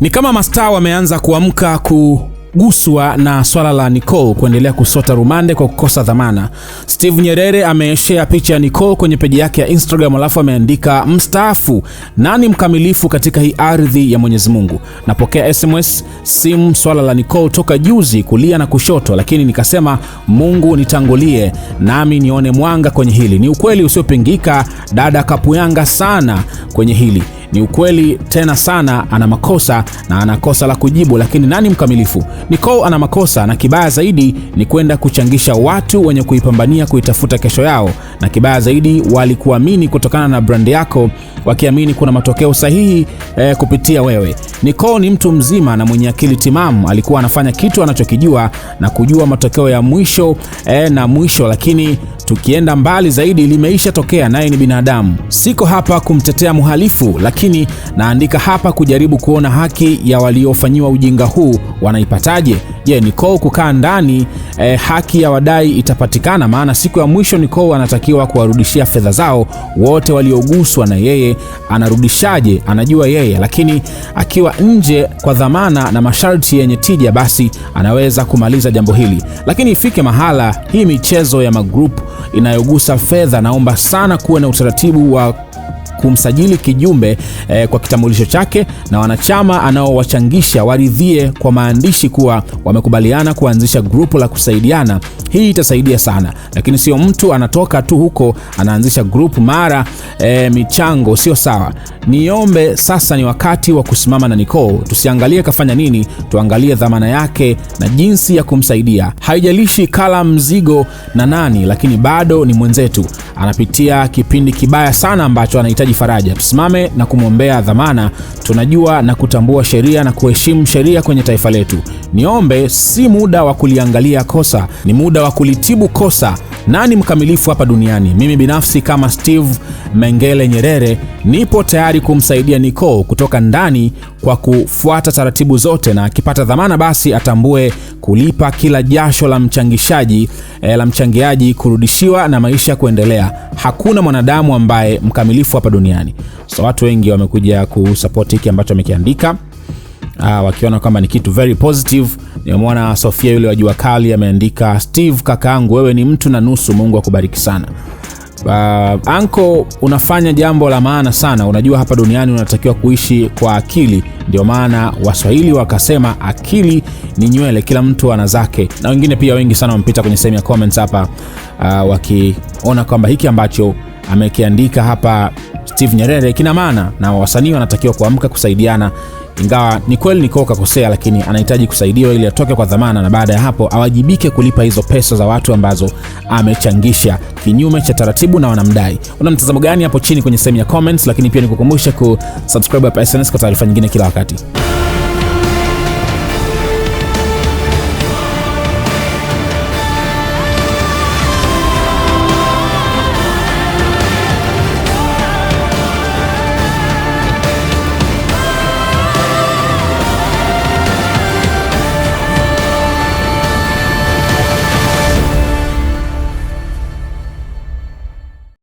Ni kama mastaa wameanza kuamka kuguswa na swala la Nicole kuendelea kusota rumande kwa kukosa dhamana. Steve Nyerere ameshare picha ya Nicole kwenye peji yake ya Instagram, alafu ameandika mstaafu, nani mkamilifu katika hii ardhi ya Mwenyezi Mungu? Napokea SMS, simu, swala la Nicole toka juzi, kulia na kushoto, lakini nikasema Mungu nitangulie, nami nione mwanga kwenye hili. Ni ukweli usiopingika, dada kapuyanga sana kwenye hili ni ukweli tena sana, ana makosa na ana kosa la kujibu, lakini nani mkamilifu? Nicole ana makosa na kibaya zaidi ni kwenda kuchangisha watu wenye kuipambania kuitafuta kesho yao, na kibaya zaidi walikuamini kutokana na brandi yako, wakiamini kuna matokeo sahihi eh, kupitia wewe. Nicole ni mtu mzima na mwenye akili timamu, alikuwa anafanya kitu anachokijua na kujua matokeo ya mwisho eh, na mwisho, lakini Tukienda mbali zaidi, limeisha tokea, naye ni binadamu. Siko hapa kumtetea mhalifu, lakini naandika hapa kujaribu kuona haki ya waliofanyiwa ujinga huu wanaipataje Je, Nicole kukaa ndani eh, haki ya wadai itapatikana? Maana siku ya mwisho Nicole anatakiwa kuwarudishia fedha zao wote walioguswa, na yeye anarudishaje? Anajua yeye, lakini akiwa nje kwa dhamana na masharti yenye tija, basi anaweza kumaliza jambo hili, lakini ifike mahala hii michezo ya magrupu inayogusa fedha, naomba sana kuwe na utaratibu wa kumsajili kijumbe eh, kwa kitambulisho chake na wanachama anaowachangisha waridhie kwa maandishi kuwa wamekubaliana kuanzisha grupu la kusaidiana. Hii itasaidia sana, lakini sio mtu anatoka tu huko anaanzisha grupu mara eh, michango sio sawa. Niombe sasa ni wakati wa kusimama na Nicole, tusiangalie kafanya nini, tuangalie dhamana yake na jinsi ya kumsaidia. Haijalishi kala mzigo na nani, lakini bado ni mwenzetu, anapitia kipindi kibaya sana ambacho anahitaji faraja. Tusimame na kumwombea dhamana. Tunajua na kutambua sheria na kuheshimu sheria kwenye taifa letu. Niombe si muda wa kuliangalia kosa, ni muda wa kulitibu kosa nani mkamilifu hapa duniani? Mimi binafsi kama Steve Mengele Nyerere nipo tayari kumsaidia Nicole kutoka ndani kwa kufuata taratibu zote, na akipata dhamana basi atambue kulipa kila jasho la mchangishaji eh, la mchangiaji kurudishiwa na maisha kuendelea. Hakuna mwanadamu ambaye mkamilifu hapa duniani. So watu wengi wamekuja kusapoti hiki ambacho amekiandika uh, wakiona kwamba ni kitu very positive. Nimemwona Sofia yule wa jua kali ameandika, Steve kakaangu, wewe ni mtu na nusu, Mungu akubariki sana. Uh, anko, unafanya jambo la maana sana. Unajua hapa duniani unatakiwa kuishi kwa akili, ndio maana Waswahili wakasema akili ni nywele, kila mtu ana zake. Na wengine pia wengi sana wamepita kwenye sehemu ya comments hapa, uh, wakiona kwamba hiki ambacho amekiandika hapa Steve Nyerere kina maana na wasanii wanatakiwa kuamka kusaidiana, ingawa ni kweli Nikoo kosea lakini anahitaji kusaidiwa ili atoke kwa dhamana, na baada ya hapo awajibike kulipa hizo pesa za watu ambazo amechangisha kinyume cha taratibu na wanamdai. Una mtazamo gani hapo chini kwenye sehemu ya comments, lakini pia nikukumbusha kusubscribe hapa SnS kwa taarifa nyingine kila wakati.